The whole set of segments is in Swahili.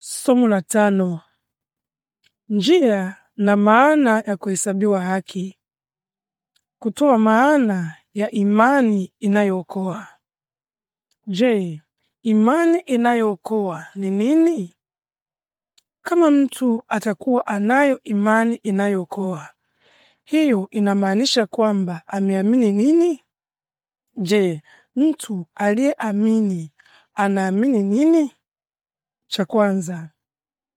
Somo la tano: njia na maana ya kuhesabiwa haki, kutoa maana ya imani inayookoa. Je, imani inayookoa ni nini? Kama mtu atakuwa anayo imani inayookoa, hiyo inamaanisha kwamba ameamini nini? Je, mtu aliyeamini anaamini nini? Cha kwanza,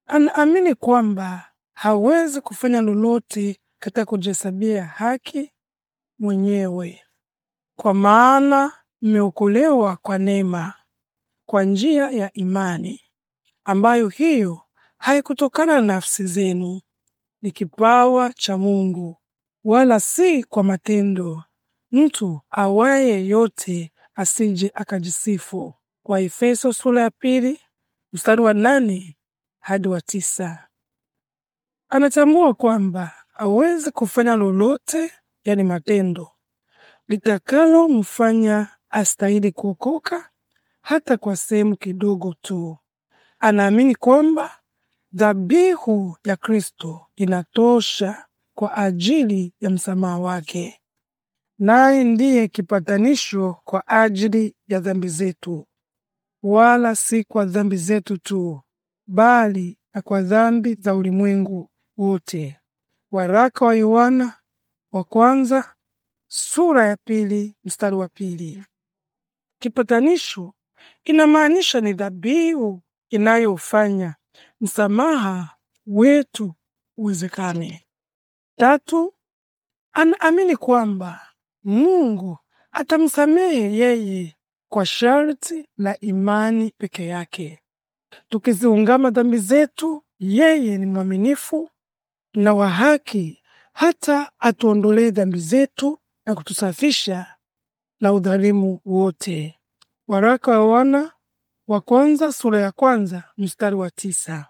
anaamini kwamba hawezi kufanya lolote katika kujihesabia haki mwenyewe, kwa maana mmeokolewa kwa neema, kwa njia ya imani, ambayo hiyo haikutokana na nafsi zenu, ni kipawa cha Mungu, wala si kwa matendo, mtu awaye yote asije akajisifu. Waefeso sura ya pili mstari wa nane hadi wa tisa. Anatambua kwamba awezi kufanya lolote, yani matendo litakalo mfanya astahili kuokoka hata kwa sehemu kidogo tu. Anaamini kwamba dhabihu ya Kristo inatosha kwa ajili ya msamaha wake, naye ndiye kipatanisho kwa ajili ya dhambi zetu wala si kwa dhambi zetu tu, bali na kwa dhambi za ulimwengu wote. Waraka wa Yohana wa kwanza sura ya pili mstari wa pili. Kipatanisho inamaanisha ni dhabihu inayofanya msamaha wetu uwezekane. Tatu, anaamini kwamba Mungu atamsamehe yeye kwa sharti la imani peke yake. Tukiziungama dhambi zetu, yeye ni mwaminifu na wa haki, hata atuondolee dhambi zetu na kutusafisha na udhalimu wote. Waraka wa Wana wa Kwanza sura ya kwanza mstari wa tisa.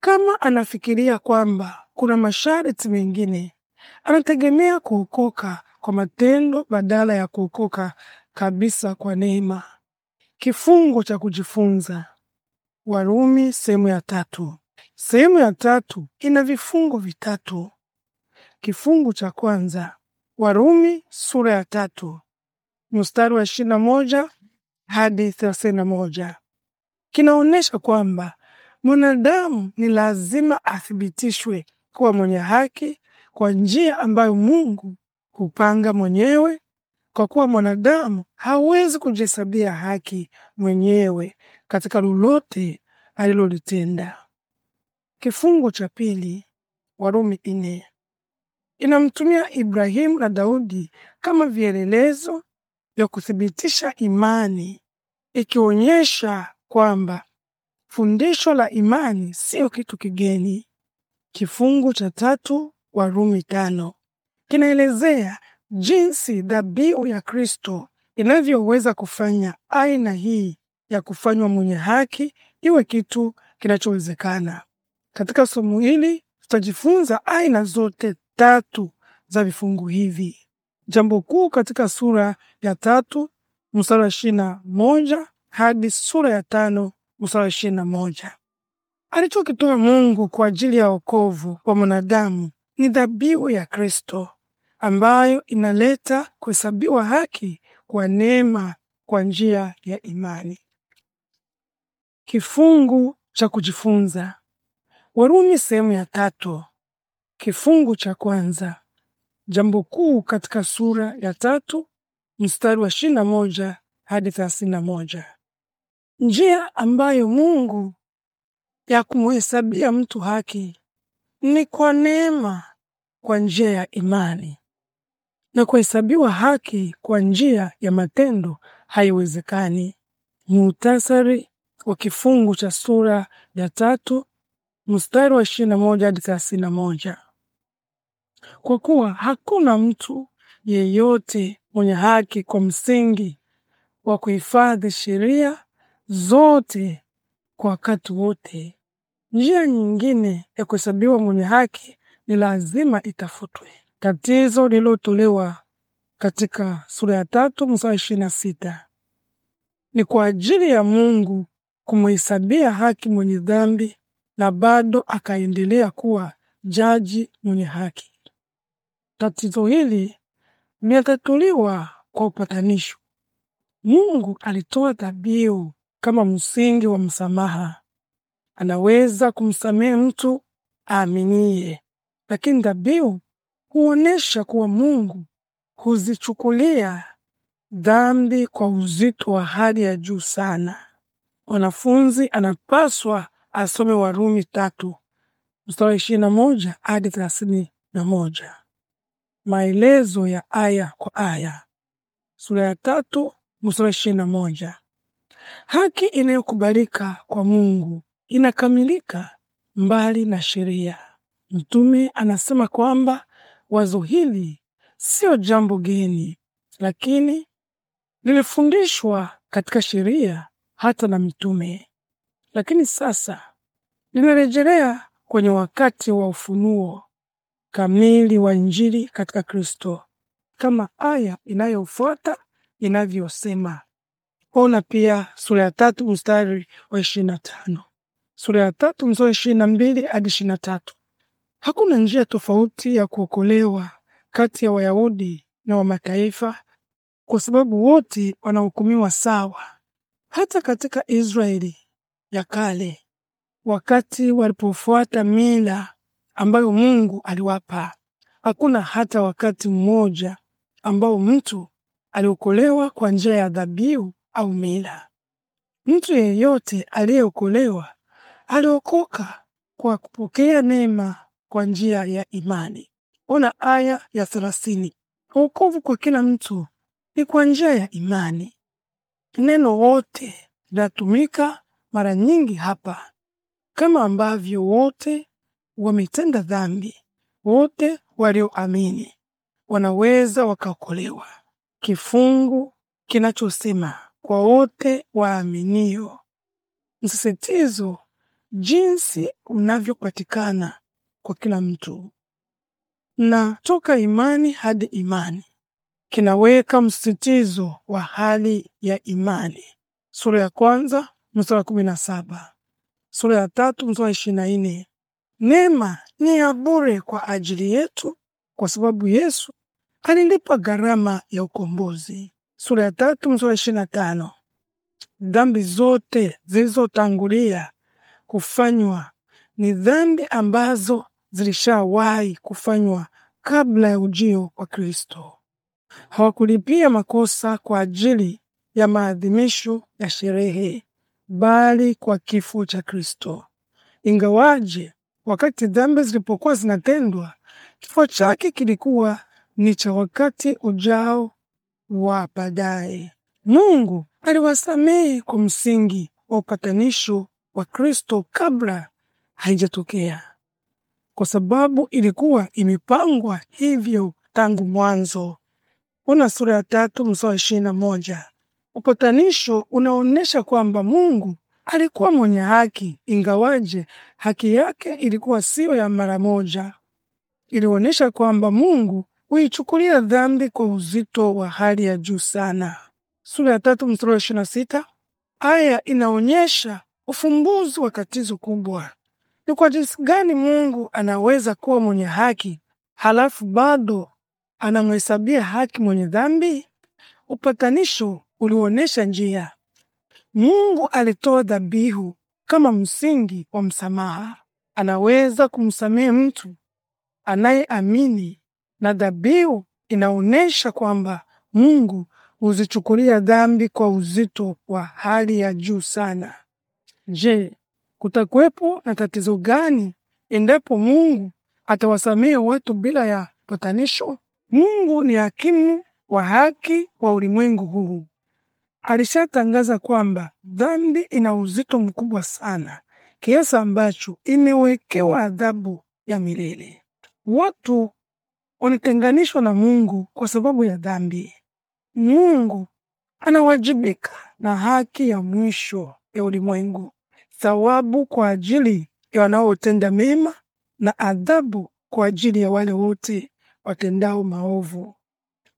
Kama anafikiria kwamba kuna masharti mengine, anategemea kuokoka kwa matendo badala ya kuokoka kabisa kwa neema. Kifungo cha kujifunza Warumi sehemu ya tatu. Sehemu ya tatu ina vifungo vitatu. Kifungu cha kwanza Warumi sura ya tatu mstari wa ishirini na moja hadi thelathini na moja kinaonyesha kwamba mwanadamu ni lazima athibitishwe kuwa mwenye haki kwa njia ambayo Mungu hupanga mwenyewe kwa kuwa mwanadamu hawezi kujihesabia haki mwenyewe katika lolote alilolitenda. Kifungu cha pili, Warumi ine inamtumia Ibrahimu na Daudi kama vielelezo vya kuthibitisha imani, ikionyesha kwamba fundisho la imani siyo kitu kigeni. Kifungu cha tatu Warumi tano kinaelezea Jinsi dhabihu ya Kristo inavyoweza kufanya aina hii ya kufanywa mwenye haki iwe kitu kinachowezekana. Katika somo hili tutajifunza aina zote tatu za vifungu hivi. Jambo kuu katika sura ya tatu mstari wa ishirini na moja hadi sura ya tano mstari wa ishirini na moja alichokitoa Mungu kwa ajili ya wokovu wa mwanadamu ni dhabihu ya Kristo ambayo inaleta kuhesabiwa haki kwa neema kwa njia ya imani. Kifungu cha kujifunza Warumi sehemu ya tatu. Kifungu cha kwanza. Jambo kuu katika sura ya tatu mstari wa ishirini na moja hadi thelathini na moja. Njia ambayo Mungu ya kumuhesabia mtu haki ni kwa neema kwa njia ya imani na kuhesabiwa haki kwa njia ya matendo haiwezekani. Muhtasari wa kifungu cha sura ya tatu mstari wa ishirini na moja hadi thelathini na moja kwa kuwa hakuna mtu yeyote mwenye haki kwa msingi wa kuhifadhi sheria zote kwa wakati wote. Njia nyingine ya kuhesabiwa mwenye haki ni lazima itafutwe tatizo lililotolewa katika sura ya tatu mstari ishirini na sita ni kwa ajili ya Mungu kumuhesabia haki mwenye dhambi na bado akaendelea kuwa jaji mwenye haki. Tatizo hili limetatuliwa kwa upatanisho. Mungu alitoa dhabihu kama msingi wa msamaha. Anaweza kumsamehe mtu aaminiye, lakini dhabihu huonesha kuwa Mungu huzichukulia dhambi kwa uzito wa hali ya juu sana. Mwanafunzi anapaswa asome Warumi tatu mstari ishirini na moja hadi thelathini na moja maelezo ya aya kwa aya, sura ya tatu mstari ishirini na moja Haki inayokubalika kwa Mungu inakamilika mbali na sheria. Mtume anasema kwamba Wazo hili sio jambo geni, lakini lilifundishwa katika sheria hata na mitume, lakini sasa linarejelea kwenye wakati wa ufunuo kamili wa Injili katika Kristo, kama aya inayofuata inavyosema. Ona pia sura ya tatu mstari wa ishirini na tano, sura ya tatu mstari wa ishirini na mbili hadi ishirini na tatu. Hakuna njia tofauti ya kuokolewa kati ya Wayahudi na Wamataifa kwa sababu wote wanahukumiwa sawa. Hata katika Israeli ya kale, wakati walipofuata mila ambayo Mungu aliwapa, hakuna hata wakati mmoja ambao mtu aliokolewa kwa njia ya dhabihu au mila. Mtu yeyote aliyeokolewa aliokoka kwa kupokea neema kwa njia ya imani. Ona aya ya thelathini. Wokovu kwa kila mtu ni kwa njia ya imani. Neno wote linatumika mara nyingi hapa, kama ambavyo wote wametenda dhambi, wote walioamini wanaweza wakaokolewa. Kifungu kinachosema kwa wote waaminio, msisitizo jinsi unavyopatikana kwa kila mtu. Na toka imani hadi imani kinaweka msitizo wa hali ya imani, sura ya kwanza mstari wa kumi na saba sura ya tatu mstari wa ishirini na nne Neema ni ya bure kwa ajili yetu kwa sababu Yesu alilipa gharama ya ukombozi, sura ya tatu mstari wa ishirini na tano Dhambi zote zilizotangulia kufanywa ni dhambi ambazo zilishawahi kufanywa kabla ya ujio wa Kristo. Hawakulipia makosa kwa ajili ya maadhimisho ya sherehe, bali kwa kifo cha Kristo. Ingawaje wakati dhambi zilipokuwa zinatendwa, kifo chake kilikuwa ni cha wakati ujao wa baadaye. Mungu aliwasamehe kwa msingi wa upatanisho wa Kristo kabla haijatokea kwa sababu ilikuwa imepangwa hivyo tangu mwanzo. Ona sura ya tatu mstari wa ishirini na moja. Upatanisho unaonyesha kwamba Mungu alikuwa mwenye haki, ingawaje haki yake ilikuwa siyo ya mara moja. Ilionyesha kwamba Mungu huichukulia dhambi kwa uzito wa hali ya juu sana. Sura ya tatu mstari wa ishirini na sita. Aya inaonyesha ufumbuzi wa tatizo kubwa. Ni kwa jinsi gani Mungu anaweza kuwa mwenye haki halafu bado anamhesabia haki mwenye dhambi? Upatanisho ulionyesha njia. Mungu alitoa dhabihu kama msingi wa msamaha. Anaweza kumsamehe mtu anayeamini, na dhabihu inaonyesha kwamba Mungu huzichukulia dhambi kwa uzito wa hali ya juu sana. Je, Kutakuwepo na tatizo gani endapo Mungu atawasamehe watu bila ya patanisho? Mungu ni hakimu wa haki wa ulimwengu huu. Alishatangaza kwamba dhambi ina uzito mkubwa sana kiasi ambacho imewekewa adhabu ya milele. Watu wanatenganishwa na Mungu kwa sababu ya dhambi. Mungu anawajibika na haki ya mwisho ya ulimwengu thawabu kwa ajili ya wanaotenda mema na adhabu kwa ajili ya wale wote watendao maovu.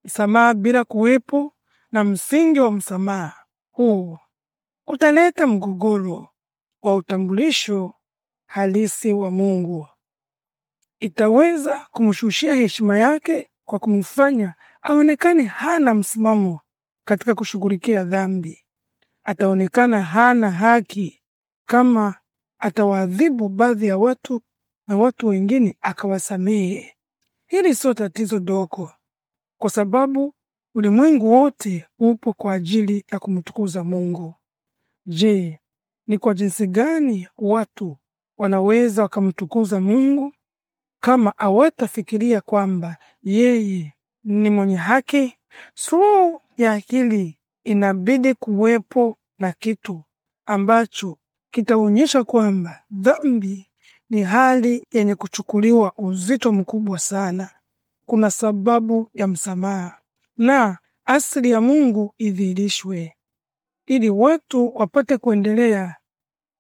Msamaha bila kuwepo na msingi wa msamaha huu utaleta mgogoro wa utambulisho halisi wa Mungu. Itaweza kumshushia heshima yake kwa kumfanya aonekane hana msimamo katika kushughulikia dhambi. Ataonekana hana haki kama atawaadhibu baadhi ya watu na watu wengine akawasamehe. Hili sio tatizo dogo, kwa sababu ulimwengu wote upo kwa ajili ya kumtukuza Mungu. Je, ni kwa jinsi gani watu wanaweza wakamtukuza Mungu kama hawatafikiria kwamba yeye ni mwenye haki? Suluhu ya akili inabidi kuwepo na kitu ambacho kitaonyesha kwamba dhambi ni hali yenye kuchukuliwa uzito mkubwa sana. Kuna sababu ya msamaha na asili ya Mungu idhihirishwe ili watu wapate kuendelea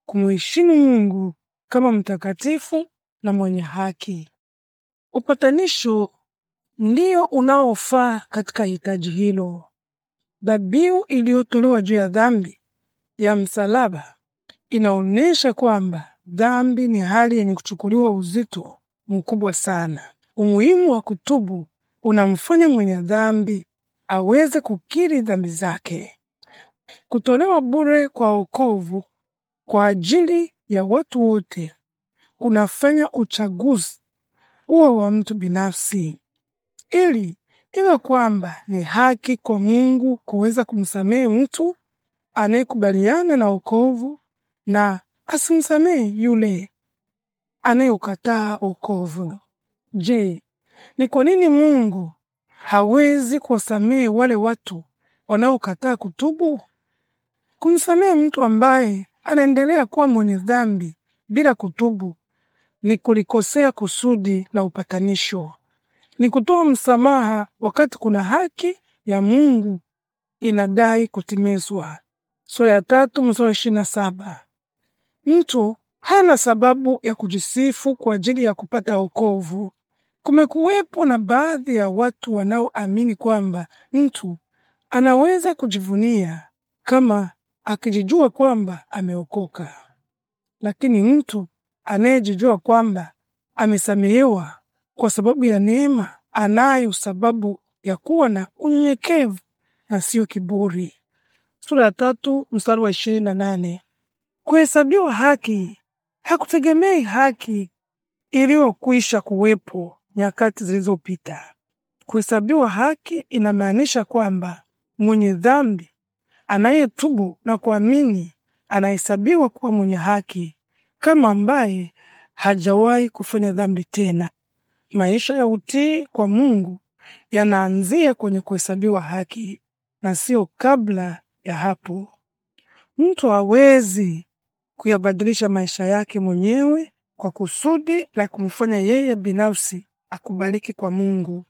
kumheshimu Mungu kama mtakatifu na mwenye haki. Upatanisho ndio unaofaa katika hitaji hilo. Dhabihu iliyotolewa juu ya dhambi ya msalaba inaonyesha kwamba dhambi ni hali yenye kuchukuliwa uzito mkubwa sana. Umuhimu wa kutubu unamfanya mwenye dhambi aweze kukiri dhambi zake. Kutolewa bure kwa wokovu kwa ajili ya watu wote kunafanya uchaguzi uwe wa mtu binafsi, ili iwe kwamba ni haki kwa Mungu kuweza kumsamehe mtu anayekubaliana na wokovu na asimsamehe yule anayeukataa wokovu. Je, ni kwa nini Mungu hawezi kuwasamehe wale watu wanaokataa kutubu? Kumsamehe mtu ambaye anaendelea kuwa mwenye dhambi bila kutubu ni kulikosea kusudi la upatanisho. Ni kutoa msamaha wakati kuna haki ya Mungu inadai kutimizwa. Sura ya tatu mstari wa ishirini na saba mtu hana sababu ya kujisifu kwa ajili ya kupata wokovu. Kumekuwepo na baadhi ya watu wanaoamini kwamba mtu anaweza kujivunia kama akijijua kwamba ameokoka, lakini mtu anayejijua kwamba amesamehewa kwa sababu ya neema anayo sababu ya kuwa na unyenyekevu na siyo kiburi. Sura ya tatu mstari wa ishirini na nane. Kuhesabiwa haki hakutegemei haki iliyokwisha kuwepo nyakati zilizopita. Kuhesabiwa haki inamaanisha kwamba mwenye dhambi anayetubu na kuamini anahesabiwa kuwa mwenye haki kama ambaye hajawahi kufanya dhambi tena. Maisha ya utii kwa Mungu yanaanzia kwenye kuhesabiwa haki na sio kabla ya hapo. Mtu hawezi kuyabadilisha maisha yake mwenyewe kwa kusudi la kumfanya yeye binafsi akubaliki kwa Mungu.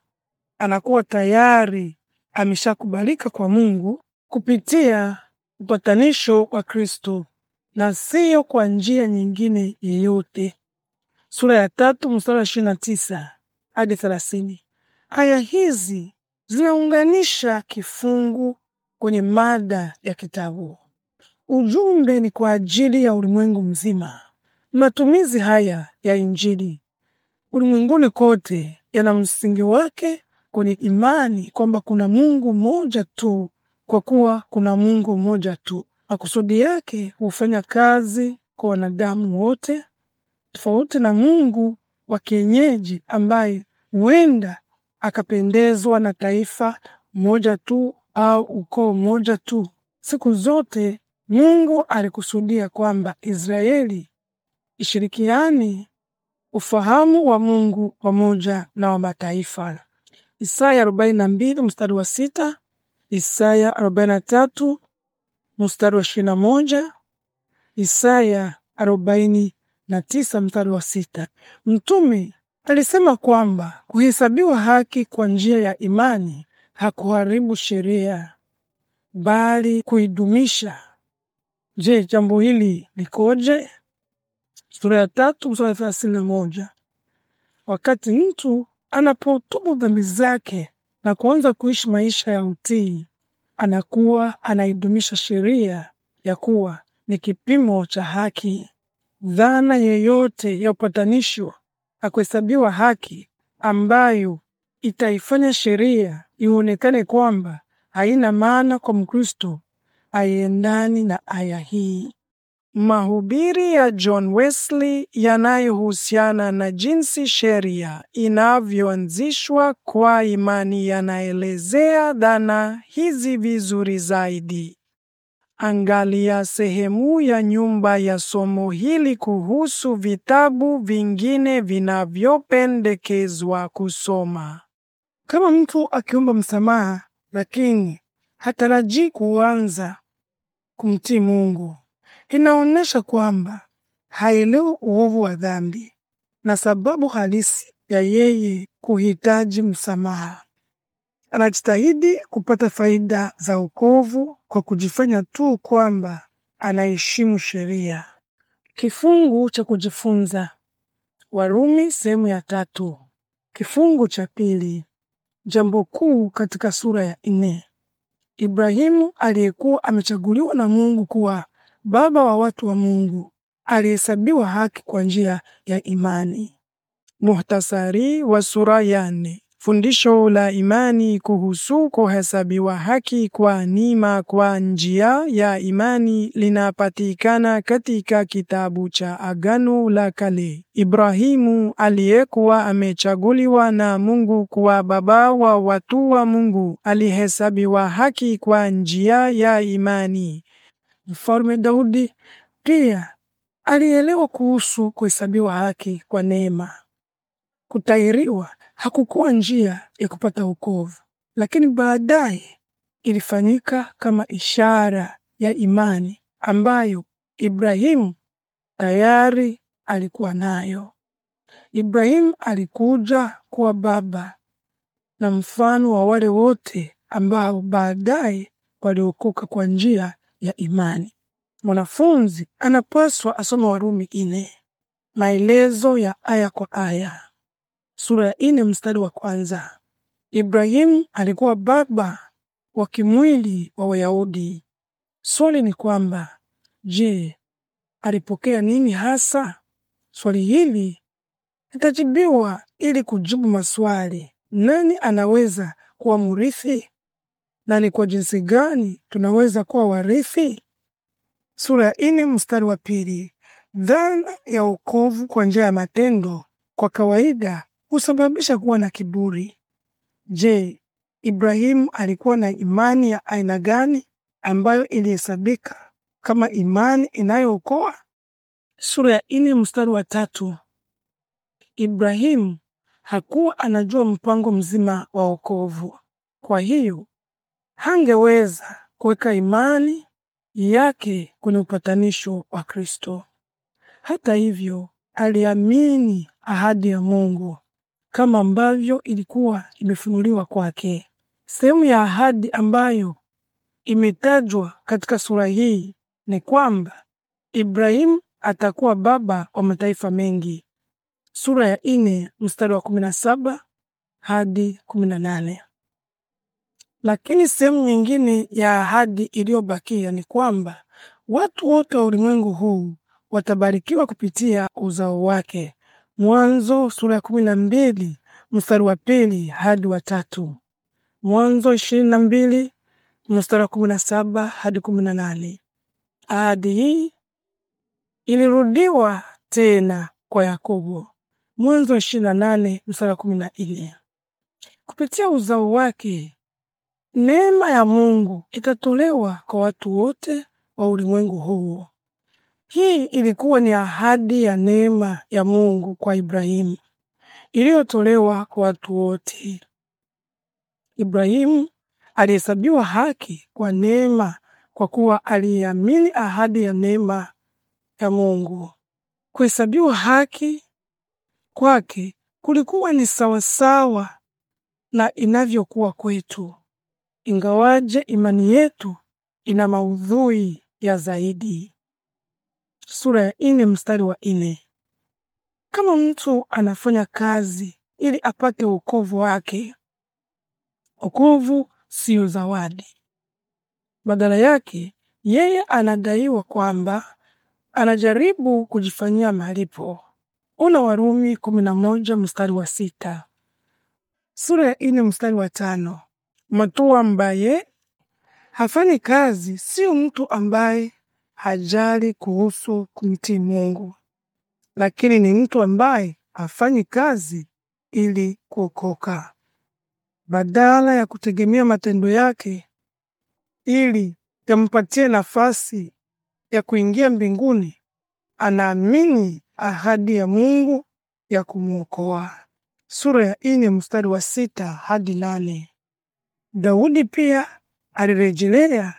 Anakuwa tayari ameshakubalika kwa Mungu kupitia upatanisho wa Kristo na siyo kwa njia nyingine yeyote. Sura ya tatu mstari ishirini na tisa hadi thelathini. Aya hizi zinaunganisha kifungu kwenye mada ya kitabu. Ujumbe ni kwa ajili ya ulimwengu mzima. Matumizi haya ya Injili ulimwenguni kote yana msingi wake kwenye imani kwamba kuna Mungu mmoja tu. Kwa kuwa kuna Mungu mmoja tu, makusudi yake hufanya kazi kwa wanadamu wote, tofauti na Mungu wa kienyeji ambaye huenda akapendezwa na taifa moja tu au ukoo mmoja tu. Siku zote Mungu alikusudia kwamba Israeli ishirikiani ufahamu wa Mungu pamoja na wa mataifa. Isaya 42 mstari wa sita, Isaya 43 mstari wa 21, Isaya 49 mstari wa sita. Mtume alisema kwamba kuhesabiwa haki kwa njia ya imani hakuharibu sheria bali kuidumisha. Je, jambo hili likoje? Sura ya tatu mstari thelathini na moja. Wakati mtu anapotubu dhambi zake na kuanza kuishi maisha ya utii, anakuwa anaidumisha sheria ya kuwa ni kipimo cha haki. Dhana yeyote ya upatanisho na kuhesabiwa haki ambayo itaifanya sheria ionekane kwamba haina maana kwa Mkristo haiendani na aya hii. Mahubiri ya John Wesley yanayohusiana na jinsi sheria inavyoanzishwa kwa imani yanaelezea dhana hizi vizuri zaidi. Angalia sehemu ya nyumba ya somo hili kuhusu vitabu vingine vinavyopendekezwa kusoma. Kama mtu akiomba msamaha, lakini hatarajii kuanza kumtii Mungu inaonyesha kwamba haelewi uovu wa dhambi na sababu halisi ya yeye kuhitaji msamaha. Anajitahidi kupata faida za wokovu kwa kujifanya tu kwamba anaheshimu sheria. Kifungu cha kujifunza Warumi sehemu ya tatu. Kifungu cha pili. Jambo kuu katika sura ya nne. Ibrahimu aliyekuwa amechaguliwa na Mungu kuwa baba wa watu wa Mungu alihesabiwa haki kwa njia ya imani. Muhtasari wa sura ya nne. Fundisho la imani kuhusu kuhesabiwa haki kwa neema kwa njia ya imani linapatikana katika kitabu cha Agano la Kale. Ibrahimu aliyekuwa amechaguliwa na Mungu kuwa baba wa watu wa Mungu alihesabiwa haki kwa njia ya imani. Mfalme Daudi pia alielewa kuhusu kuhesabiwa haki kwa neema, kutairiwa hakukuwa njia ya kupata wokovu, lakini baadaye ilifanyika kama ishara ya imani ambayo Ibrahimu tayari alikuwa nayo. Ibrahimu alikuja kuwa baba na mfano wa wale wote ambao baadaye waliokoka kwa njia ya imani. Mwanafunzi anapaswa asoma Warumi ine maelezo ya aya kwa aya sura ya nne mstari wa kwanza. Ibrahimu alikuwa baba wa kimwili wa Wayahudi. Swali ni kwamba je, alipokea nini hasa? Swali hili litajibiwa ili kujibu maswali: nani anaweza kuwa mrithi na ni kwa jinsi gani tunaweza kuwa warithi? Sura ya nne mstari wa pili. Dhana ya wokovu kwa njia ya matendo kwa kawaida husababisha kuwa na kiburi. Je, Ibrahimu alikuwa na imani ya aina gani ambayo ilihesabika kama imani inayookoa? Sura ya nne mstari wa tatu. Ibrahimu hakuwa anajua mpango mzima wa wokovu, kwa hiyo hangeweza kuweka imani yake kwenye upatanisho wa Kristo. Hata hivyo, aliamini ahadi ya Mungu kama ambavyo ilikuwa imefunuliwa kwake. Sehemu ya ahadi ambayo imetajwa katika sura hii ni kwamba Ibrahimu atakuwa baba wa mataifa mengi. Sura ya ine mstari wa saba hadi nane. Lakini sehemu nyingine ya ahadi iliyobakia ni kwamba watu wote wa ulimwengu huu watabarikiwa kupitia uzao wake. Mwanzo sura ya kumi na mbili mstari wa pili hadi wa tatu. Mwanzo ishirini na mbili mstari wa kumi na saba hadi kumi na nane. Ahadi hii ilirudiwa tena kwa Yakobo. Mwanzo ishirini na nane mstari wa kumi na nne. Kupitia uzao wake neema ya Mungu itatolewa kwa watu wote wa ulimwengu huu. Hii ilikuwa ni ahadi ya neema ya Mungu kwa Ibrahimu iliyotolewa kwa watu wote. Ibrahimu alihesabiwa haki kwa neema kwa kuwa aliamini ahadi ya neema ya Mungu. Kuhesabiwa haki kwake kulikuwa ni sawasawa na inavyokuwa kwetu, ingawaje imani yetu ina maudhui ya zaidi sura ya nne mstari wa nne. Kama mtu anafanya kazi ili apate wokovu wake, wokovu siyo zawadi. Badala yake, yeye anadaiwa kwamba anajaribu kujifanyia malipo. Una Warumi 11 mstari wa sita, sura ya nne mstari wa tano. Mtu ambaye hafanyi kazi sio mtu ambaye hajali kuhusu kumtii Mungu, lakini ni mtu ambaye hafanyi kazi ili kuokoka. Badala ya kutegemea matendo yake ili yampatie nafasi ya kuingia mbinguni, anaamini ahadi ya Mungu ya kumwokoa. Sura ya nne mstari wa sita hadi nane. Daudi pia alirejelea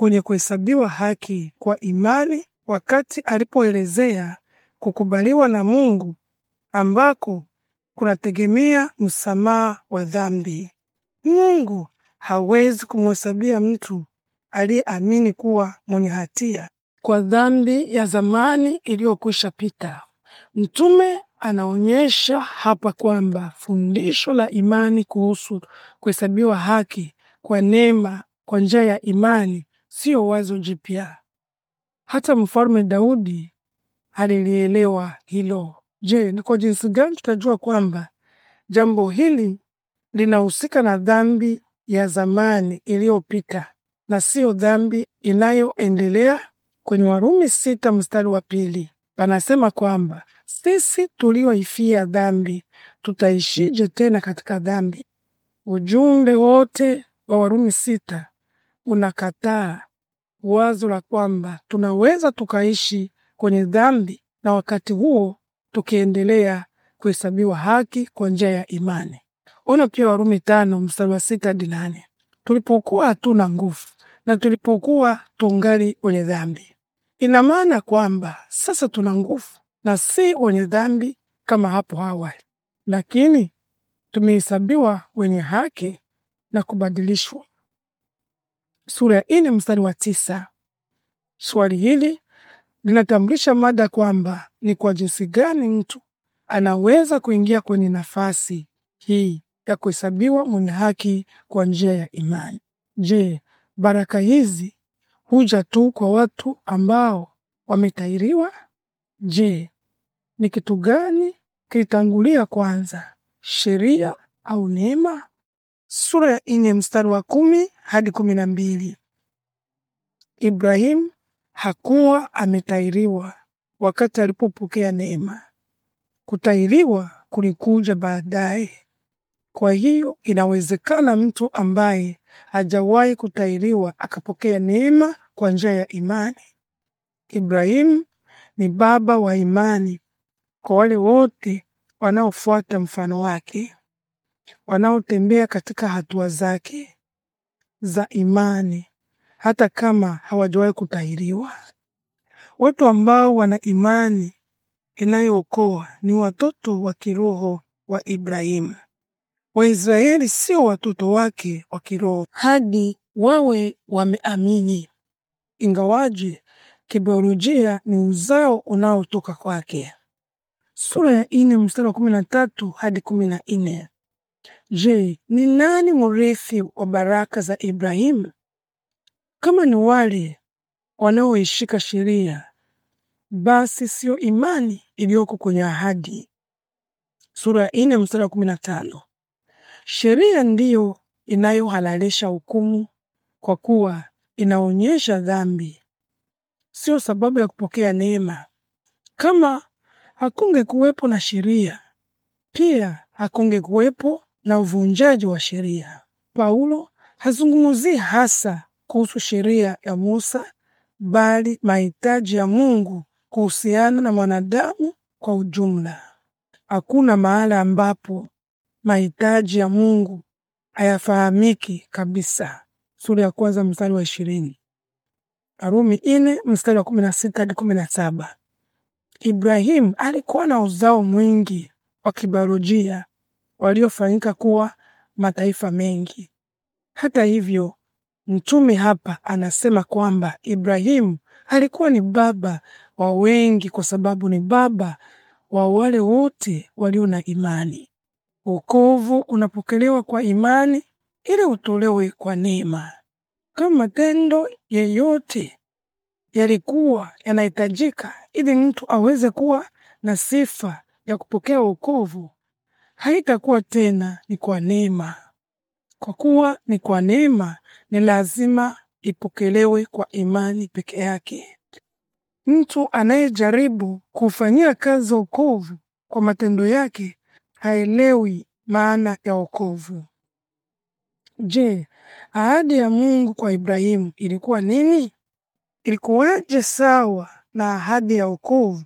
kwenye kuhesabiwa haki kwa imani wakati alipoelezea kukubaliwa na Mungu ambako kunategemea msamaha wa dhambi. Mungu hawezi kumhesabia mtu aliyeamini kuwa mwenye hatia kwa dhambi ya zamani iliyokwisha pita. Mtume anaonyesha hapa kwamba fundisho la imani kuhusu kuhesabiwa haki kwa neema kwa njia ya imani sio wazo jipya. Hata Mfalme Daudi alilielewa hilo. Je, ni kwa jinsi gani tutajua kwamba jambo hili linahusika na dhambi ya zamani iliyopita na siyo dhambi inayoendelea? Kwenye Warumi sita mstari wa pili panasema kwamba sisi tulioifia dhambi tutaishije tena katika dhambi? Ujumbe wote wa Warumi sita unakataa wazo la kwamba tunaweza tukaishi kwenye dhambi na wakati huo tukiendelea kuhesabiwa haki kwa njia ya imani. Ona pia Warumi tano mstari wa sita hadi nane tulipokuwa hatuna nguvu na tulipokuwa tungali wenye dhambi. Ina maana kwamba sasa tuna nguvu na si wenye dhambi kama hapo awali, lakini tumehesabiwa wenye haki na kubadilishwa sura ya nne mstari wa tisa. Swali hili linatambulisha mada kwamba ni kwa jinsi gani mtu anaweza kuingia kwenye nafasi hii ya kuhesabiwa mwenye haki kwa njia ya imani. Je, baraka hizi huja tu kwa watu ambao wametahiriwa? Je, ni kitu gani kilitangulia kwanza, sheria au neema? sura ya nne mstari wa kumi hadi kumi na mbili. Ibrahimu hakuwa ametahiriwa wakati alipopokea neema. Kutahiriwa kulikuja baadaye. Kwa hiyo inawezekana mtu ambaye hajawahi kutahiriwa akapokea neema kwa njia ya imani. Ibrahimu ni baba wa imani kwa wale wote wanaofuata mfano wake wanaotembea katika hatua zake za imani hata kama hawajawahi kutahiriwa. Watu ambao wana imani inayookoa ni watoto wa kiroho wa Ibrahimu. Waisraeli sio watoto wake wa kiroho hadi wawe wameamini, ingawaje kibiolojia ni uzao unaotoka kwake. Sura ya ine mstari wa kumi na tatu hadi kumi na Je, ni nani mrithi wa baraka za Ibrahimu? Kama ni wale wanaoishika sheria, basi siyo imani iliyoko kwenye ahadi. Sura ya mstari wa 15. Sheria ndiyo inayohalalisha hukumu, kwa kuwa inaonyesha dhambi, sio sababu ya kupokea neema. Kama hakungekuwepo na sheria, pia hakungekuwepo na uvunjaji wa sheria. Paulo hazungumzii hasa kuhusu sheria ya Musa, bali mahitaji ya Mungu kuhusiana na mwanadamu kwa ujumla. Hakuna mahala ambapo mahitaji ya Mungu hayafahamiki kabisa. Sura ya kwanza mstari wa ishirini, Warumi ine mstari wa kumi na sita hadi kumi na saba. Ibrahimu alikuwa na uzao mwingi wa kibiolojia waliofanyika kuwa mataifa mengi. Hata hivyo, mtume hapa anasema kwamba Ibrahimu alikuwa ni baba wa wengi kwa sababu ni baba wa wale wote walio na imani. Wokovu unapokelewa kwa imani ili utolewe kwa neema. Kama matendo yeyote yalikuwa yanahitajika ili mtu aweze kuwa na sifa ya kupokea wokovu, haitakuwa tena ni kwa neema. Kwa kuwa ni kwa neema, ni lazima ipokelewe kwa imani peke yake. Mtu anayejaribu kufanyia kazi wokovu kwa matendo yake haelewi maana ya wokovu. Je, ahadi ya Mungu kwa Ibrahimu ilikuwa nini? Ilikuwaje sawa na ahadi ya wokovu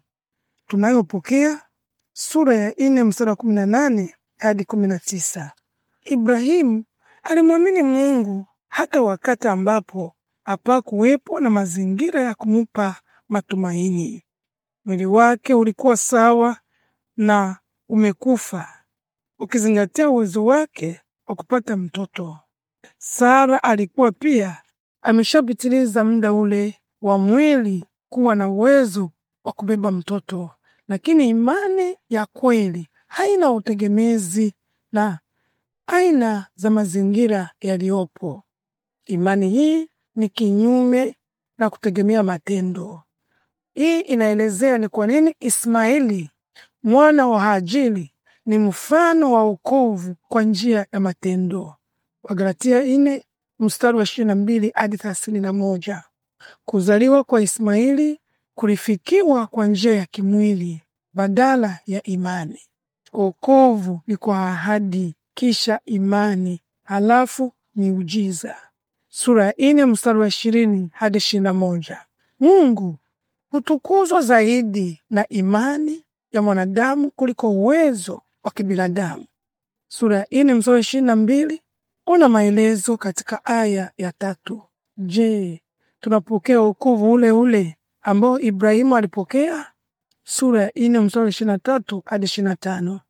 tunayopokea? sura ya nne mstari wa kumi na nane hadi kumi na tisa. Ibrahimu alimwamini Mungu hata wakati ambapo hapakuwepo na mazingira ya kumupa matumaini. Mwili wake ulikuwa sawa na umekufa, ukizingatia uwezo wake wa kupata mtoto. Sara alikuwa pia ameshapitiliza muda ule wa mwili kuwa na uwezo wa kubeba mtoto. Lakini imani ya kweli haina utegemezi na aina za mazingira yaliyopo. Imani hii ni kinyume na kutegemea matendo. Hii inaelezea ni kwa nini Ismaili mwana wa Hajili ni mfano wa wokovu kwa njia ya matendo. Wagalatia ine mstari wa ishirini na mbili hadi thelathini na moja. Kuzaliwa kwa Ismaili kulifikiwa kwa njia ya kimwili badala ya imani. Wokovu ni kwa ahadi, kisha imani, halafu miujiza. Sura ya ine mstari wa ishirini hadi ishirini na moja. Mungu hutukuzwa zaidi na imani ya mwanadamu kuliko uwezo wa kibinadamu. Sura ya ine mstari wa ishirini na mbili una maelezo katika aya ya tatu. Je, tunapokea wokovu ule ule ambao Ibrahimu alipokea, sura ya ine mstari ishirini na tatu hadi ishirini na tano.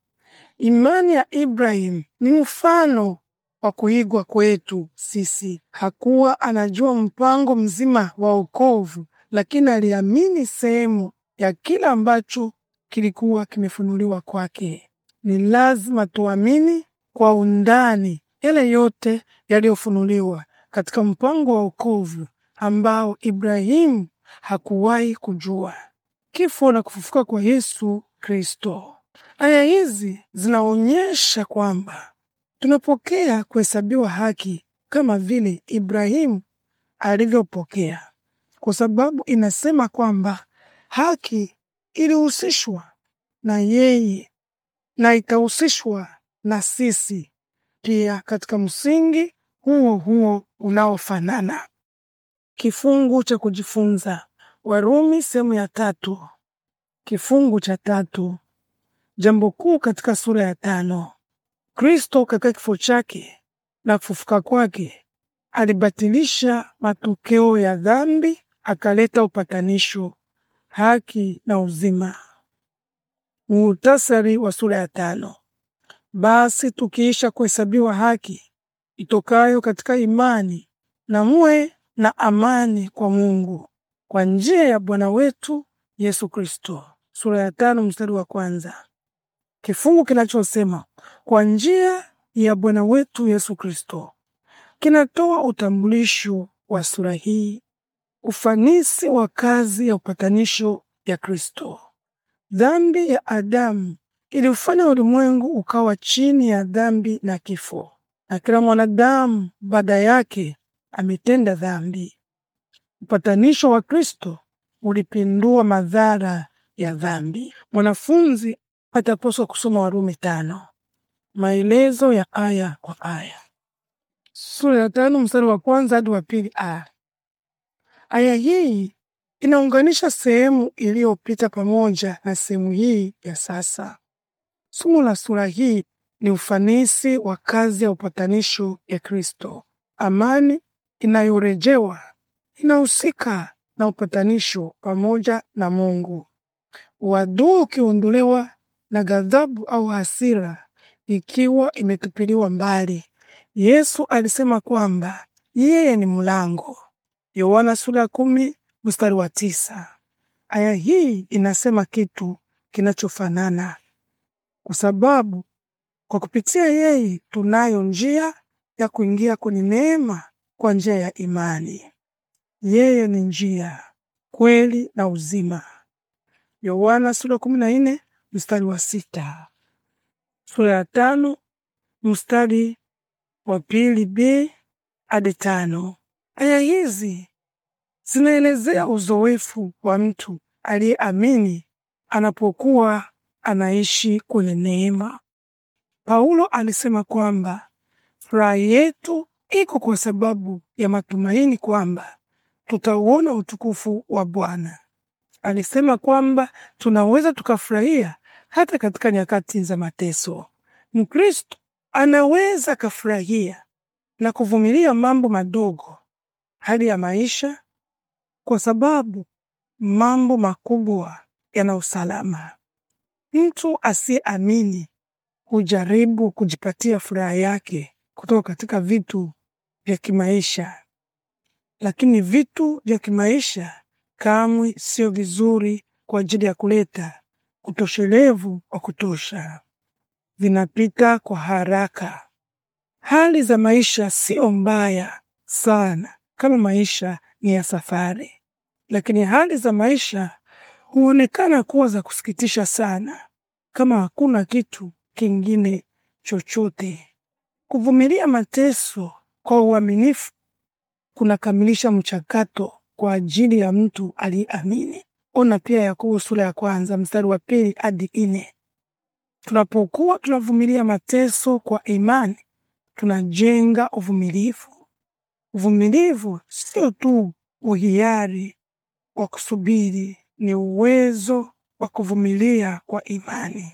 Imani ya Ibrahimu ni mfano wa kuigwa kwetu sisi. Hakuwa anajua mpango mzima wa wokovu, lakini aliamini sehemu ya kila ambacho kilikuwa kimefunuliwa kwake. Ni lazima tuamini kwa undani yale yote yaliyofunuliwa katika mpango wa wokovu ambao Ibrahimu hakuwahi kujua kifo na kufufuka kwa Yesu Kristo. Aya hizi zinaonyesha kwamba tunapokea kuhesabiwa haki kama vile Ibrahimu alivyopokea, kwa sababu inasema kwamba haki ilihusishwa na yeye na ikahusishwa na sisi pia katika msingi huo huo unaofanana. Kifungu cha kujifunza Warumi sehemu ya tatu. Kifungu cha tatu. Jambo kuu katika sura ya tano. Kristo katika kifo chake na kufufuka kwake alibatilisha matokeo ya dhambi, akaleta upatanisho, haki na uzima. Muhtasari wa sura ya tano. Basi tukiisha kuhesabiwa haki itokayo katika imani na muwe na amani kwa Mungu kwa njia ya Bwana wetu Yesu Kristo. Sura ya tano mstari wa kwanza. Kifungu kinachosema kwa njia ya Bwana wetu Yesu Kristo kinatoa utambulisho wa sura hii, ufanisi wa kazi ya upatanisho ya Kristo. Dhambi ya Adamu ilifanya ulimwengu ukawa chini ya dhambi na kifo, na kila mwanadamu baada yake ametenda dhambi. Upatanisho wa Kristo ulipindua madhara ya dhambi. Mwanafunzi atapaswa kusoma Warumi tano maelezo ya aya kwa aya, sura ya tano mstari wa kwanza hadi wa pili a. Aya hii inaunganisha sehemu iliyopita pamoja na sehemu hii ya sasa. Somo la sura hii ni ufanisi wa kazi ya upatanisho ya Kristo. Amani inayorejewa inahusika na upatanisho pamoja na Mungu. Uadui ukiondolewa na ghadhabu au hasira ikiwa imetupiliwa mbali, Yesu alisema kwamba yeye ni mlango, Yohana sura ya kumi mstari wa tisa. Aya hii inasema kitu kinachofanana kwa sababu kwa kupitia yeye tunayo njia ya kuingia kwenye neema kwa njia ya imani. Yeye ni njia, kweli na uzima. Yohana sura kumi na nne mstari wa sita, sura ya tano mstari wa pili b hadi tano. Aya hizi zinaelezea uzoefu wa mtu aliyeamini anapokuwa anaishi kwenye neema. Paulo alisema kwamba furaha yetu iko kwa sababu ya matumaini kwamba tutauona utukufu wa Bwana. Alisema kwamba tunaweza tukafurahia hata katika nyakati za mateso. Mkristo anaweza kafurahia na kuvumilia mambo madogo, hali ya maisha, kwa sababu mambo makubwa yana usalama. Mtu asiyeamini hujaribu kujipatia furaha yake kutoka katika vitu vya kimaisha, lakini vitu vya kimaisha kamwe sio vizuri kwa ajili ya kuleta utoshelevu wa kutosha, vinapita kwa haraka. Hali za maisha sio mbaya sana kama maisha ni ya safari, lakini hali za maisha huonekana kuwa za kusikitisha sana kama hakuna kitu kingine chochote. Kuvumilia mateso kwa uaminifu kunakamilisha mchakato kwa ajili ya mtu aliyeamini. Ona pia Yakobo sura ya kwanza mstari wa pili hadi nne. Tunapokuwa tunavumilia mateso kwa imani, tunajenga uvumilivu. Uvumilivu sio tu uhiari wa kusubiri, ni uwezo wa kuvumilia kwa imani.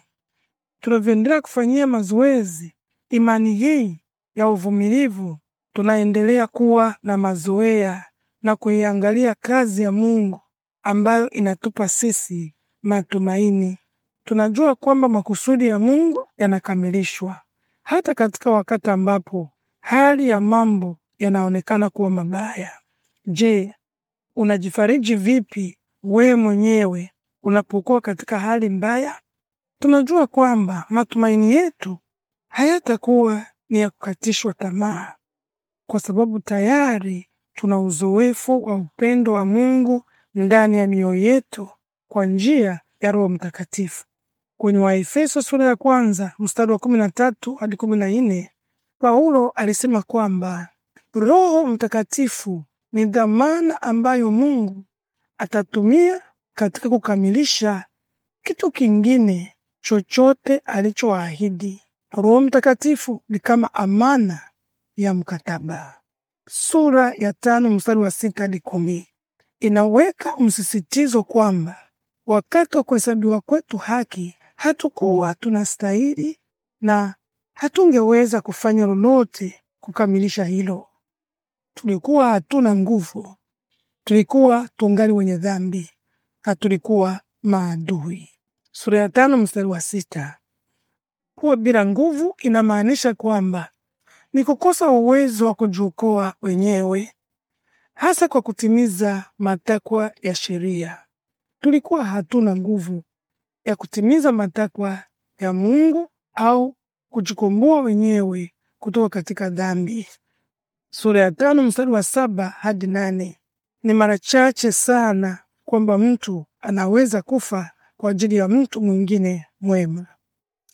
Tunavyoendelea kufanyia mazoezi imani hii ya uvumilivu tunaendelea kuwa na mazoea na kuiangalia kazi ya Mungu ambayo inatupa sisi matumaini. Tunajua kwamba makusudi ya Mungu yanakamilishwa hata katika wakati ambapo hali ya mambo yanaonekana kuwa mabaya. Je, unajifariji vipi wewe mwenyewe unapokuwa katika hali mbaya? Tunajua kwamba matumaini yetu hayatakuwa ni ya kukatishwa tamaa, kwa sababu tayari tuna uzoefu wa upendo wa Mungu ndani ya mioyo yetu kwa njia ya Roho Mtakatifu. Kwenye Waefeso sura ya kwanza mstari wa kumi na tatu hadi kumi na nne Paulo alisema kwamba Roho Mtakatifu ni dhamana ambayo Mungu atatumia katika kukamilisha kitu kingine chochote alichoahidi. Roho Mtakatifu ni kama amana ya mkataba sura ya tano mstari wa sita hadi kumi inaweka msisitizo kwamba wakati wa kuhesabiwa kwetu haki hatukuwa tunastahili na hatungeweza kufanya lolote kukamilisha hilo. Tulikuwa hatuna nguvu, tulikuwa tungali wenye dhambi na tulikuwa maadui. Sura ya tano mstari wa sita. Kuwa bila nguvu inamaanisha kwamba ni kukosa uwezo wa kujiokoa wenyewe, hasa kwa kutimiza matakwa ya sheria. Tulikuwa hatuna nguvu ya kutimiza matakwa ya Mungu au kujikomboa wenyewe kutoka katika dhambi. Sura ya tano mstari wa saba hadi nane. Ni mara chache sana kwamba mtu anaweza kufa kwa ajili ya mtu mwingine mwema,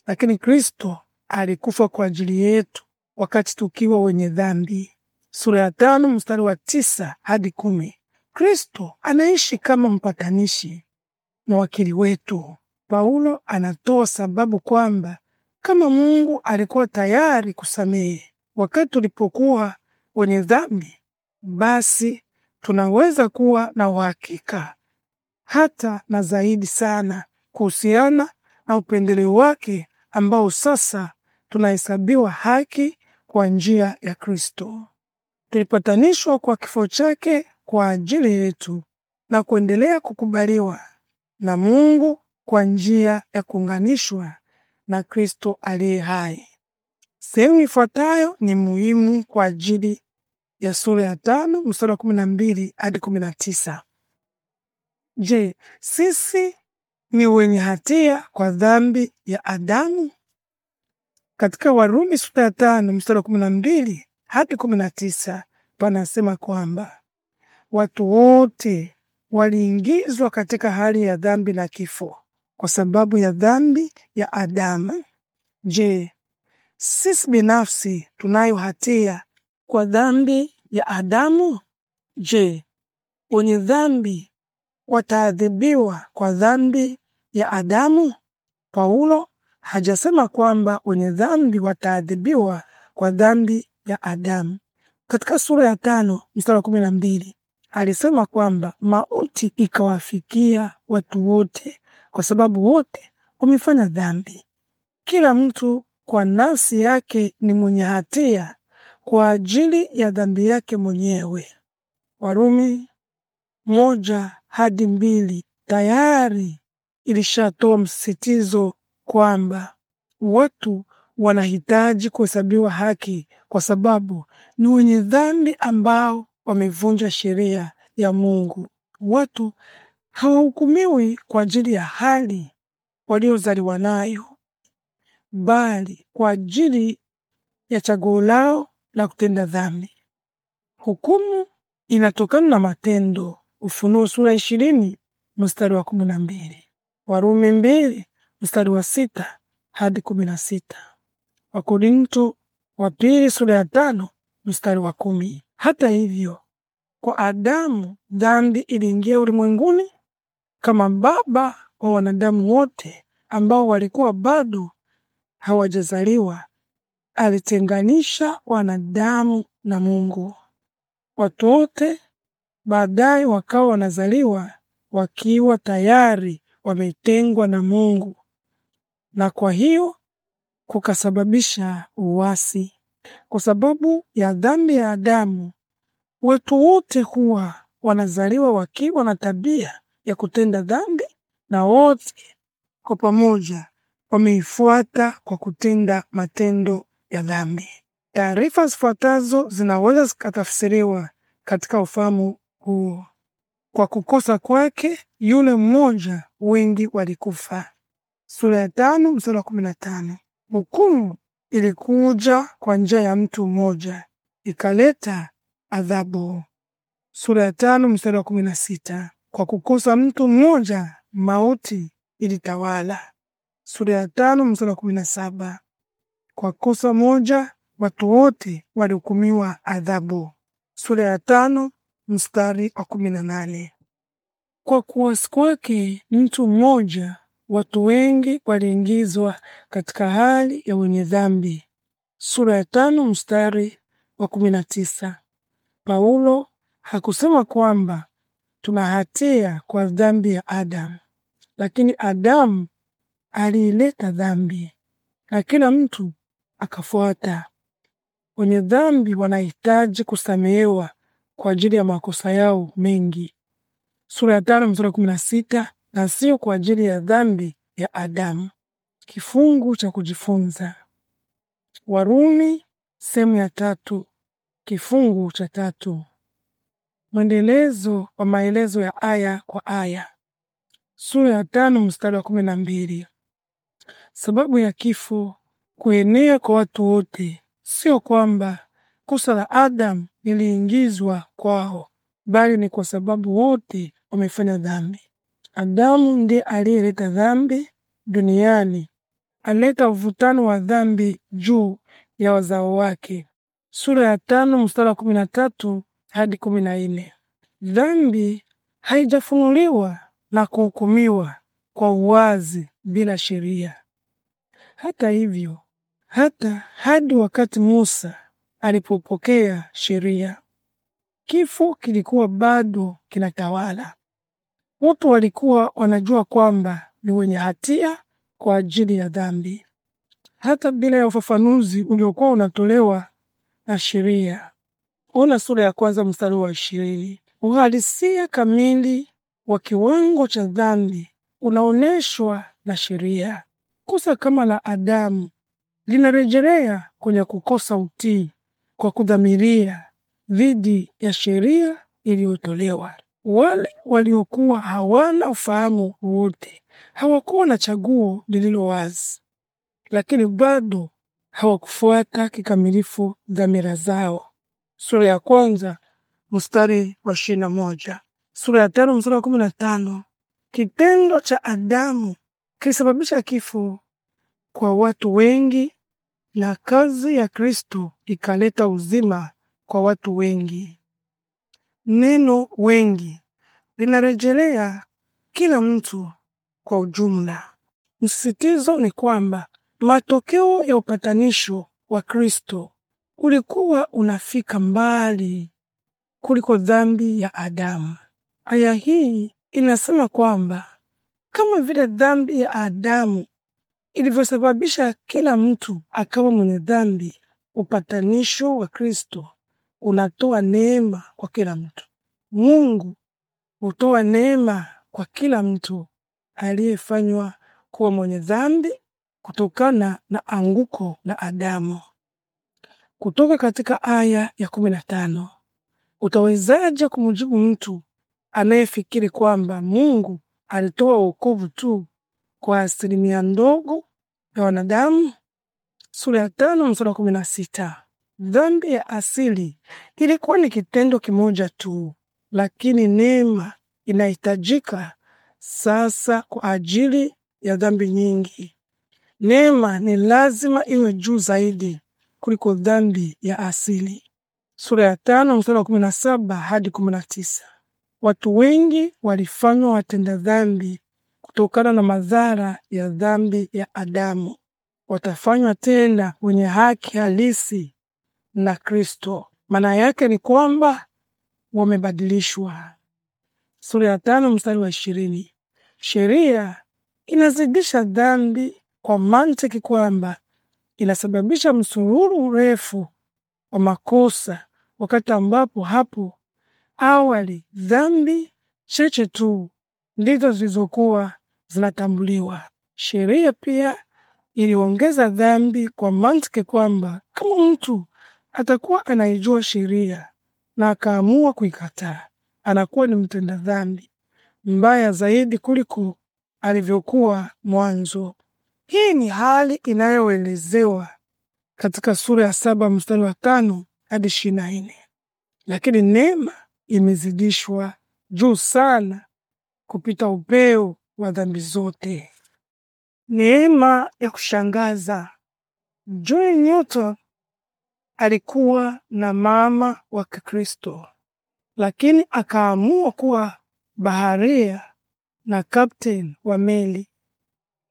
lakini Kristo alikufa kwa ajili yetu wakati tukiwa wenye dhambi, sura ya tano mstari wa tisa hadi kumi. Kristo anaishi kama mpatanishi na wakili wetu. Paulo anatoa sababu kwamba kama Mungu alikuwa tayari kusamehe wakati tulipokuwa wenye dhambi, basi tunaweza kuwa na uhakika hata na zaidi sana kuhusiana na upendeleo wake ambao sasa tunahesabiwa haki kwa njia ya Kristo. Tulipatanishwa kwa kifo chake kwa ajili yetu na kuendelea kukubaliwa na Mungu kwa njia ya kuunganishwa na Kristo aliye hai. Sehemu ifuatayo ni muhimu kwa ajili ya sura ya tano mstari wa kumi na mbili hadi kumi na tisa. Je, sisi ni wenye hatia kwa dhambi ya Adamu? katika Warumi sura ya tano mstari wa kumi na mbili hadi kumi na tisa panasema kwamba watu wote waliingizwa katika hali ya dhambi na kifo kwa sababu ya dhambi ya Adamu. Je, sisi binafsi tunayo hatia kwa dhambi ya Adamu? Je, wenye dhambi wataadhibiwa kwa dhambi ya Adamu? Paulo hajasema kwamba wenye dhambi wataadhibiwa kwa dhambi ya Adamu. Katika sura ya tano mstari wa kumi na mbili alisema kwamba mauti ikawafikia watu wote kwa sababu wote wamefanya dhambi. Kila mtu kwa nafsi yake ni mwenye hatia kwa ajili ya dhambi yake mwenyewe. Warumi moja hadi mbili tayari ilishatoa msisitizo kwamba watu wanahitaji kuhesabiwa haki kwa sababu ni wenye dhambi ambao wamevunja sheria ya Mungu. Watu hawahukumiwi kwa ajili ya hali waliozaliwa nayo, bali kwa ajili ya chaguo lao la kutenda dhambi. Hukumu inatokana na matendo. Ufunuo sura ishirini mstari wa kumi na mbili Warumi mbili mstari wa sita hadi kumi na sita. Wakorinto wa pili sura ya tano mstari wa kumi. Hata hivyo, kwa Adamu dhambi iliingia ulimwenguni kama baba wa wanadamu wote ambao walikuwa bado hawajazaliwa alitenganisha wanadamu na Mungu. Watu wote baadaye wakawa wanazaliwa wakiwa tayari wametengwa na Mungu na kwa hiyo kukasababisha uwasi. Kwa sababu ya dhambi ya Adamu, watu wote huwa wanazaliwa wakiwa na tabia ya kutenda dhambi, na wote kwa pamoja wameifuata kwa kutenda matendo ya dhambi. Taarifa zifuatazo zinaweza zikatafsiriwa katika ufahamu huo: kwa kukosa kwake yule mmoja wengi walikufa sura ya tano mstari wa kumi na tano. Hukumu ilikuja kwa njia ya mtu mmoja ikaleta adhabu, sura ya tano mstari wa kumi na sita. Kwa kukosa mtu mmoja mauti ilitawala, sura ya tano mstari wa kumi na saba. Kwa kosa moja watu wote walihukumiwa adhabu, sura ya tano mstari wa kumi na nane. Kwa kuasi kwake mtu mmoja Watu wengi waliingizwa katika hali ya wenye dhambi. Sura ya tano mstari wa kumi na tisa. Paulo hakusema kwamba tuna hatia kwa dhambi ya Adamu, lakini Adamu aliileta dhambi na kila mtu akafuata. Wenye dhambi wanahitaji kusamehewa kwa ajili ya makosa yao mengi. Sura ya tano mstari wa kumi na sita na sio kwa ajili ya dhambi ya Adamu. Kifungu cha kujifunza Warumi sehemu ya tatu kifungu cha tatu. Mwendelezo wa maelezo ya aya kwa aya. Sura ya tano mstari wa kumi na mbili. Sababu ya kifo kuenea kwa watu wote, sio kwamba kosa la Adamu liliingizwa kwao, bali ni kwa sababu wote wamefanya dhambi. Adamu ndiye aliyeleta dhambi duniani, aleta uvutano wa dhambi juu ya wazao wake. Sura ya tano mstari wa kumi na tatu hadi kumi na nne. Dhambi haijafunuliwa na kuhukumiwa kwa uwazi bila sheria. Hata hivyo, hata hadi wakati Musa alipopokea sheria, kifo kilikuwa bado kinatawala. Wote walikuwa wanajua kwamba ni wenye hatia kwa ajili ya dhambi, hata bila ya ufafanuzi uliokuwa unatolewa na sheria. Ona sura ya kwanza mstari wa ishirini. Uhalisia kamili wa kiwango cha dhambi unaonyeshwa na sheria. Kosa kama la Adamu linarejelea kwenye kukosa utii kwa kudhamiria dhidi ya sheria iliyotolewa. Wale waliokuwa hawana ufahamu wote hawakuwa na chaguo lililo wazi, lakini bado hawakufuata kikamilifu dhamira zao. Sura ya kwanza mstari wa ishirini na moja sura ya tano mstari wa kumi na tano Kitendo cha Adamu kilisababisha kifo kwa watu wengi na kazi ya Kristo ikaleta uzima kwa watu wengi. Neno wengi linarejelea kila mtu kwa ujumla. Msisitizo ni kwamba matokeo ya upatanisho wa Kristo ulikuwa unafika mbali kuliko dhambi ya Adamu. Aya hii inasema kwamba kama vile dhambi ya Adamu ilivyosababisha kila mtu akawa mwenye dhambi, upatanisho wa Kristo unatoa neema kwa kila mtu. Mungu hutoa neema kwa kila mtu aliyefanywa kuwa mwenye dhambi kutokana na anguko la Adamu. Kutoka katika aya ya kumi na tano. Utawezaje kumjibu mtu anayefikiri kwamba Mungu alitoa wokovu tu kwa asilimia ndogo ya wanadamu? Sura ya tano mstari wa kumi na sita. Dhambi ya asili ilikuwa ni kitendo kimoja tu, lakini neema inahitajika sasa kwa ajili ya dhambi nyingi. Neema ni lazima iwe juu zaidi kuliko dhambi ya asili. Sura ya tano mstari wa kumi na saba hadi kumi na tisa. Watu wengi walifanywa watenda dhambi kutokana na madhara ya dhambi ya Adamu. Watafanywa tena wenye haki halisi na Kristo. Maana yake ni kwamba wamebadilishwa. Sura ya tano mstari wa ishirini. Sheria inazidisha dhambi kwa mantiki kwamba inasababisha msururu urefu wa makosa, wakati ambapo hapo awali dhambi cheche tu ndizo zilizokuwa zinatambuliwa. Sheria pia iliongeza dhambi kwa mantiki kwamba kama mtu atakuwa anaijua sheria na akaamua kuikataa, anakuwa ni mtenda dhambi mbaya zaidi kuliko alivyokuwa mwanzo. Hii ni hali inayoelezewa katika sura ya saba mstari wa tano hadi ishirini na nne. Lakini neema imezidishwa juu sana kupita upeo wa dhambi zote. Neema ya kushangaza John Newton alikuwa na mama wa Kikristo, lakini akaamua kuwa baharia na kapteni wa meli.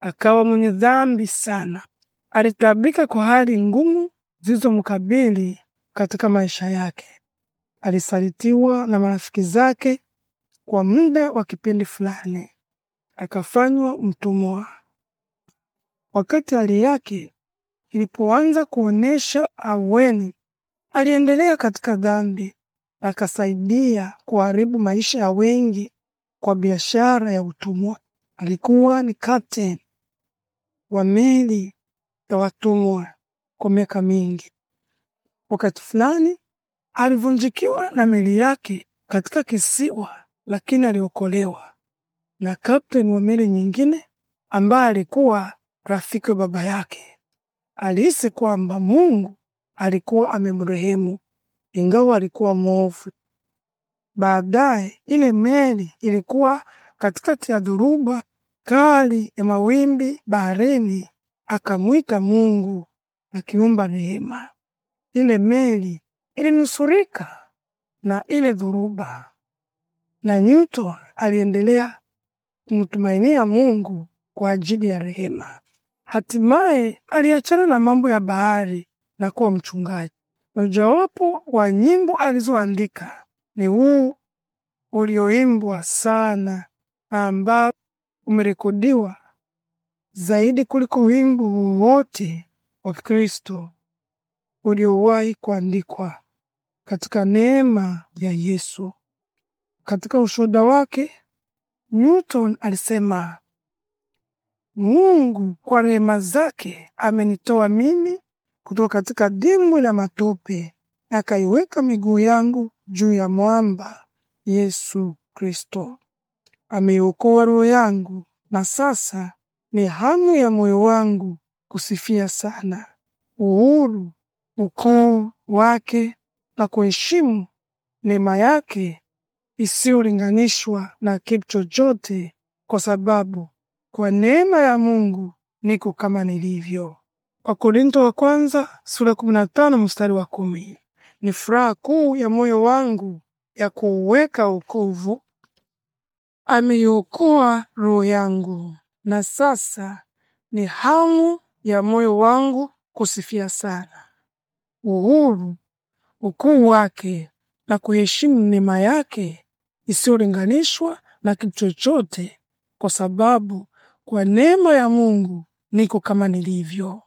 Akawa mwenye dhambi sana, alitabika kwa hali ngumu zilizomkabili katika maisha yake. Alisalitiwa na marafiki zake kwa muda wa kipindi fulani, akafanywa mtumwa. Wakati hali yake Ilipoanza kuonesha aweni, aliendelea katika dhambi, akasaidia kuharibu maisha ya wengi kwa biashara ya utumwa. Alikuwa ni kapteni wa meli ya watumwa kwa miaka mingi. Wakati fulani alivunjikiwa na meli yake katika kisiwa, lakini aliokolewa na kapteni wa meli nyingine ambaye alikuwa rafiki wa baba yake alihisi kwamba Mungu alikuwa amemrehemu ingawa alikuwa mwovu. Baadaye ile meli ilikuwa katikati ya dhuruba kali ya mawimbi baharini, akamwita Mungu akiumba rehema. Ile meli ilinusurika na ile dhuruba, na Newton aliendelea kumtumainia Mungu kwa ajili ya rehema. Hatimaye aliachana na mambo ya bahari na kuwa mchungaji. Mojawapo wa nyimbo alizoandika ni huu ulioimbwa sana, ambao umerekodiwa zaidi kuliko wimbo wowote wa Kristo uliowahi kuandikwa. Katika neema ya Yesu, katika ushuhuda wake, Newton alisema Mungu kwa rehema zake amenitoa mimi kutoka katika dimbwi la matope, akaiweka miguu yangu juu ya mwamba. Yesu Kristo ameiokoa roho yangu, na sasa ni hamu ya moyo wangu kusifia sana uhuru, ukuu wake na kuheshimu neema yake isiyolinganishwa na kitu chochote, kwa sababu kwa neema ya Mungu niko kama nilivyo. Wakorintho wa kwanza sura 15 mstari wa kumi. Ni furaha kuu ya moyo wangu ya kuweka wokovu, ameiokoa roho yangu, na sasa ni hamu ya moyo wangu kusifia sana uhuru, ukuu wake na kuheshimu neema yake isiyolinganishwa na kitu chochote, kwa sababu kwa neema ya Mungu niko kama nilivyo.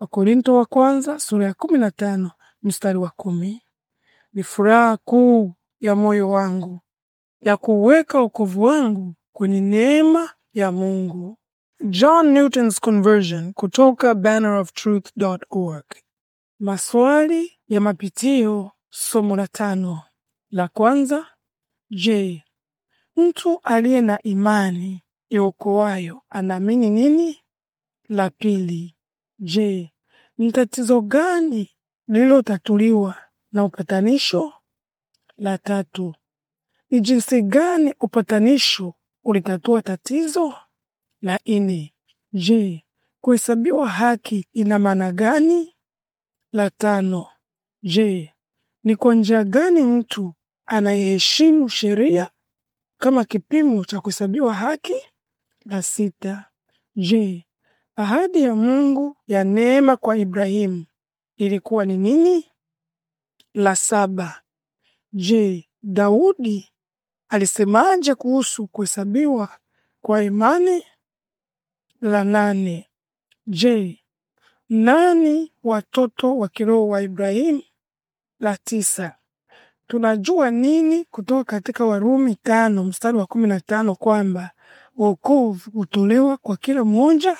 Wakorinto wa kwanza sura ya 15 mstari wa kumi. Ni furaha kuu ya moyo wangu ya kuweka wokovu wangu kwenye neema ya Mungu. John Newton's Conversion kutoka banneroftruth.org. Maswali ya mapitio, somo la tano. La kwanza, je, mtu aliye na imani iokoayo anaamini nini? La pili, je, ni tatizo gani lililotatuliwa na upatanisho? La tatu, ni jinsi gani upatanisho ulitatua tatizo? La nne, je, kuhesabiwa haki ina maana gani? La tano, je, ni kwa njia gani mtu anayeheshimu sheria kama kipimo cha kuhesabiwa haki? na sita. Je, ahadi ya Mungu ya neema kwa Ibrahimu ilikuwa ni nini? La saba. Je, Daudi alisemaje kuhusu kuhesabiwa kwa imani? La nane. Je, nani watoto wa kiroho wa Ibrahimu? La tisa. Tunajua nini kutoka katika Warumi tano mstari wa kumi na tano kwamba wokovu hutolewa kwa kila mmoja